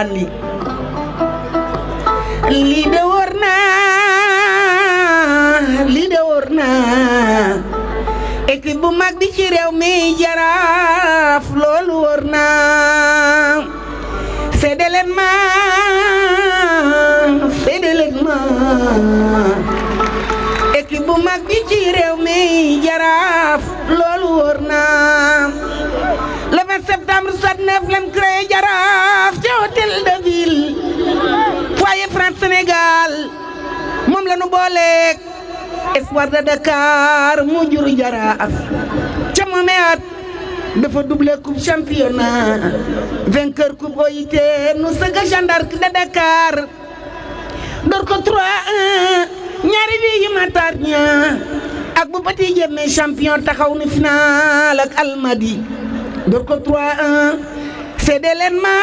daan lii lii de warna li de warna ekibu équipe bu mag bi ci réew mi lol warna fedelen ma fedelen ma ekibu mag mi lol warna le 20 septembre booleek es warda Dakar mu jur jaraaf ca moome at dafa doublé coupe championnat vainqueur coupe OIT nu sëgg Jeanne d'Arc de Dakar door ko 3-1 ñaari bi yu Matar ña ak bu Petit Jémé champion taxaw ni final ak Almadi door ko 3-1 séddale ma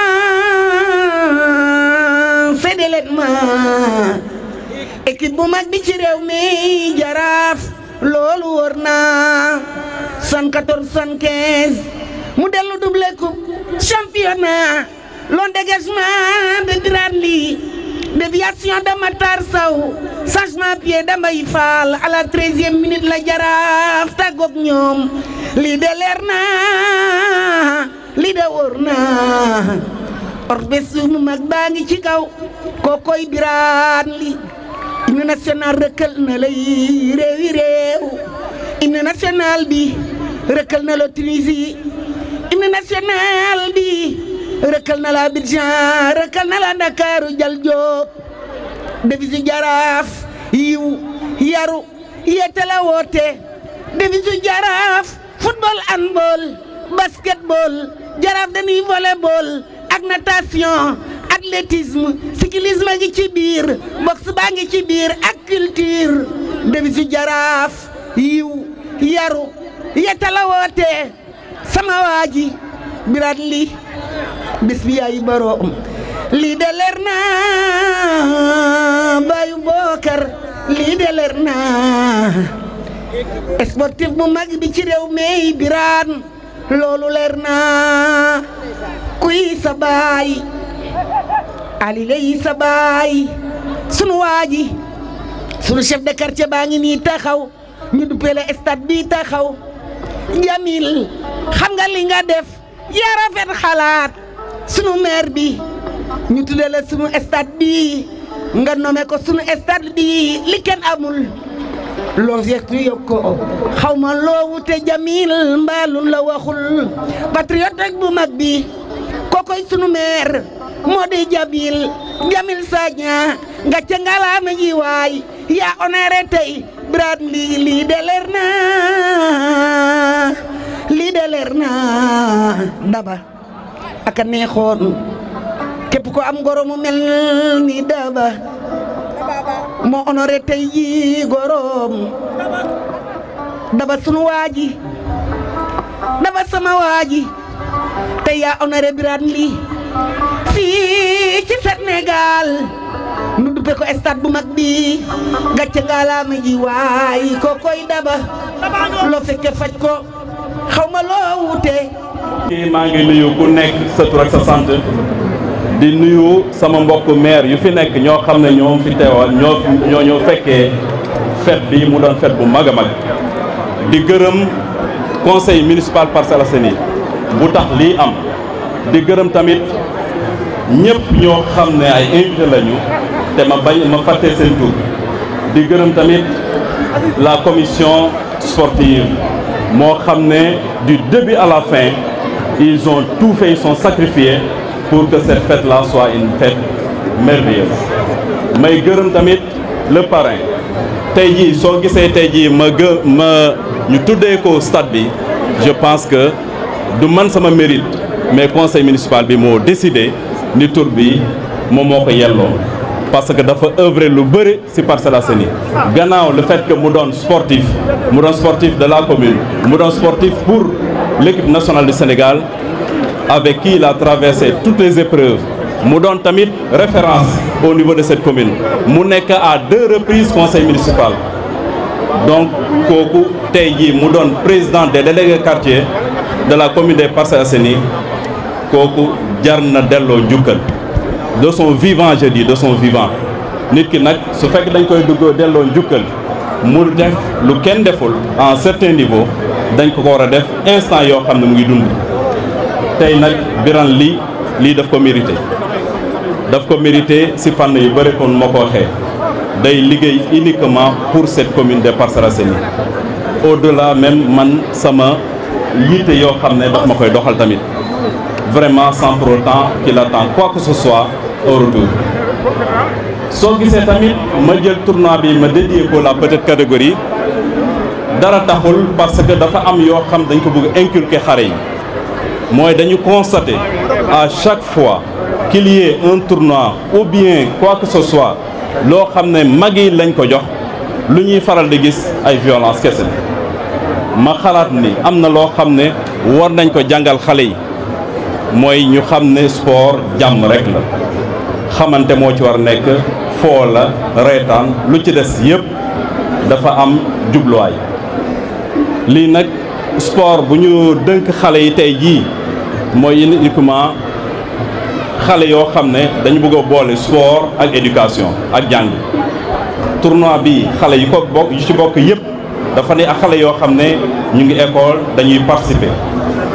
séddale ma équipe bu mag bi ci réew mi jaraaf loolu wër naa cent quatorze cent quinze mu dellu double coupe championnat long dégagement de Grandly déviation de Matar Sow changement pied faal à la treizième minute la jaraaf tàggoog ñoom lii de leer naa lii de wóor naa orbe mu mag baa ngi ci kaw kookoy Grandly international rëkkal na la yi réewi réew international bi rëkkal na la Tunisie international bi rëkkal na la Abidjan rëkkal na la Ndakaaru jal joob defisu jaraaf yiw yaru yete la woote defisu jaraaf football handball basketball jaraaf dañuy volleyball ak natation athlétisme cyclisme ngi ci bir boxe ba ngi ci bir ak culture devisu jaraf yiw yaru yetala sama waji, biradli bis bi ay li de lerna bayu boker, li de lerna sportif bu mag bi ci rew biran lolou lerna kuy sa ali lay sa sunu waji sunu chef de quartier baa ngi nii taxaw ñu duppee la stade bi taxaw jamil xam nga li nga def ya rafet xalaat sunu maire bi ñu sunu stade bi nga nomé ko sunu stade bi li ken amul loo yegtu yokko xaw kau loo wute jamil mbalun la waxul patriote bu mag bi sunu mer modi jabil jamil saja nga ca ngalaama ji waay yaa honoré tey daba daba akan neexoon képp ko am goro mu mel ni daba mo honoré tey ji daba sunu waji daba sama waji, tey ya honoré biraat fii ci Sénégal nu duppe ko stade bu mag bi gàcce ngaalaama ji way ko koy daba lo fekke fajj ko xawma lo wute wute ma ngi nuyu ku nek sa tour ak sa sante di nuyu sama mbokk maire yu fi nek ño xamne ño fi teewal ño ño ño fekke fet bi mu don fet bu maga mag di geureum conseil municipal parcelle Assainies bu tax li am di geureum tamit ñepp ñoo xamné ay invité lañu té ma bañ ma faté seen tour di gërëm tamit la commission sportive mo xamné du début à la fin ils ont tout fait ils sont sacrifiés pour que cette fête là soit une fête merveilleuse may gërëm tamit le parrain tay ji so gisé tay ji ma gë ma ñu tuddé ko stade bi je pense que du man sama mérite mais conseil municipal bi mo décidé ni tourbi bi moom parce que dafa œuvrer lu beure ci la Sénie. ganao le fait que mu sportif mu sportif de la commune mu sportif pour l'équipe nationale du Sénégal avec qui il a traversé toutes les épreuves mu donne référence au niveau de cette commune mu a à deux reprises conseil municipal donc koku tey Moudon président des délégués quartiers de la commune des Parcelles Sénie, de son vivant je dis de son vivant nit ki nak su fekk dañ koy duggo de njukal mu lu deful en certain niveau dañ ko def instant yo xamne mu ngi dund daf ko mérité daf ko mérité si yu kon uniquement pour cette commune de la au-delà même man sama daf doxal vraiment sans pour autant qu'il attend quoi que ce soit au retour soo gisee tamit ma jël tournoi bi ma dédié ko la petite catégorie dara taxul parce que dafa am yoo xam dañ ko bëgg inculquer xare yi mooy dañu constater à chaque fois qu'il y a un tournoi ou bien quoi que ce soit loo xam ne mag yi lañ ko jox lu ñuy faral di gis ay violence kese ma xalaat ni am na loo xam ne war nañ ko jàngal xale mooy ñu xam ne spoor jàmm rekk la xamante moo ci war nekk foo la reetaan lu ci des yépp dafa am jubluwaay lii nag sport bu ñu dënk xale yi tey jii mooy uniquement xale yoo xam ne dañu bëgg a boole sport ak éducation ak jàng tournoi bi xale yu ko bokk yu ci bokk yépp dafa ne ak xale yoo xam ne ñu ngi école dañuy participer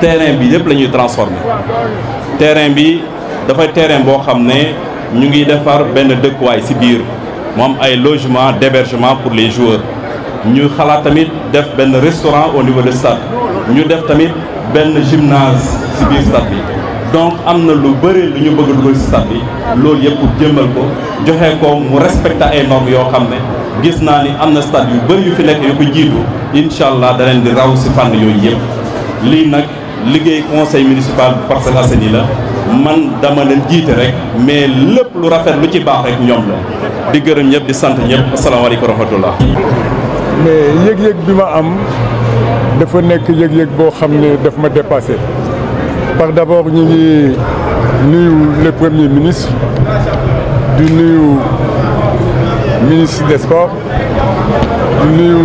terrain bi yépp la ñuy transformé terrain bi dafay terrain boo xam ne ñu ngi defar benn dëkkuwaay ci biir mu am ay logement d'hébergement pour les joueurs ñu xalaat tamit def benn restaurant au niveau de stade ñu def tamit benn gymnase ci biir stade bi donc am na lu bëri lu ñu bëgg dugal ci stade bi loolu yëpp jëmmal ko joxe ko mu respecté ay normes yoo xam ne gis naa ni am na stade yu bëri yu fi nekk yu ko jiitu incha allah da leen di raw ci fànn yooyu yëpp lii nag liggéey conseil municipal bu Parcelles Assainies la man dama len djité rek mais lepp lu rafet lu ci baax rek ñom la di gërëm ñep di sant ñëpp asalaamaaleykum wa rahmatullah mais yeg yeg bima ma am dafa nek yeg yeg bo xamné daf ma dépasser par d'abord ñi ngi nuyu le premier ministre du nuyu ministre des sports du nuyu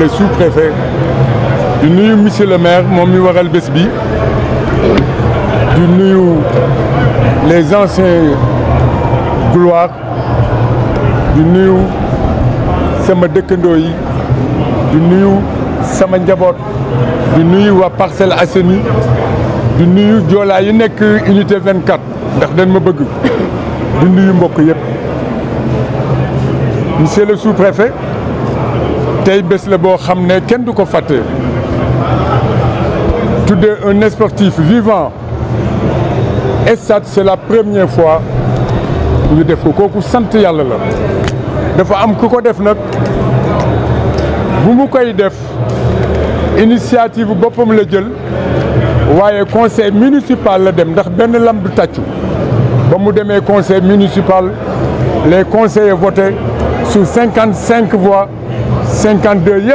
le sous-préfet du nuyu monsieur le maire mon mi waral bi nuyu les anciens gloire Du nuyu sama dëkkandoo yi du nuyu sama njabot du nuyu wa Parcelles Assainies du nuyu anciens yi unité 24 ndax den ma bëgg du nuyu mbokk monsieur le sous-préfet tay bes la bo xamné tout un sportif vivant et ça c'est la première fois que vous ko kooku sant De la dafa am un def bu initiative conseil municipal la dem conseil municipal les conseillers voté sur 55 voix 52 deux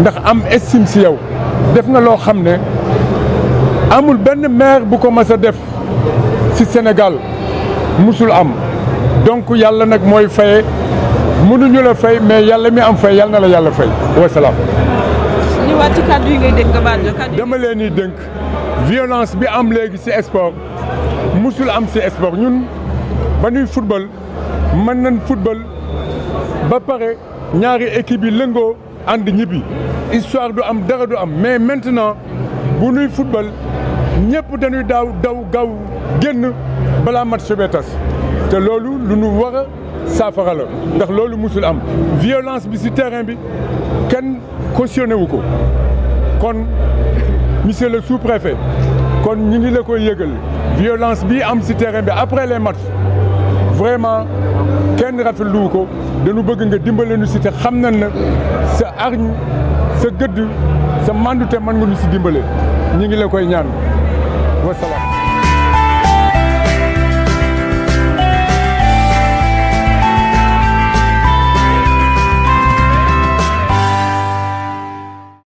ndax am estime ci yow def nga loo amul benn maire bu ko si Sénégal musul am donc yàlla nag mooy faye mënuñu la fay mais yàlla mi am fay yàlla na la yàlla fay wasalaam. ñëwaat ci kàddu yi ngay dénk dama leen violence bi am léegi si sport musul am si sport ñun ba football mën nañ football ba pare ñaari équipe histoire du am dara mais maintenant bu football ñepp dañuy daw daw nous génn bala match bétas té lu ndax lolu musul violence bi ci terrain bi monsieur le sous-préfet la violence bi terrain après les matchs vraiment kenn rafetlu ko dañu bëgg nga dimbale nu si te xam nañ na sa arñ sa gëdd sa mandute man nga nu si dimbale ñu ngi la koy ñaan wasalaam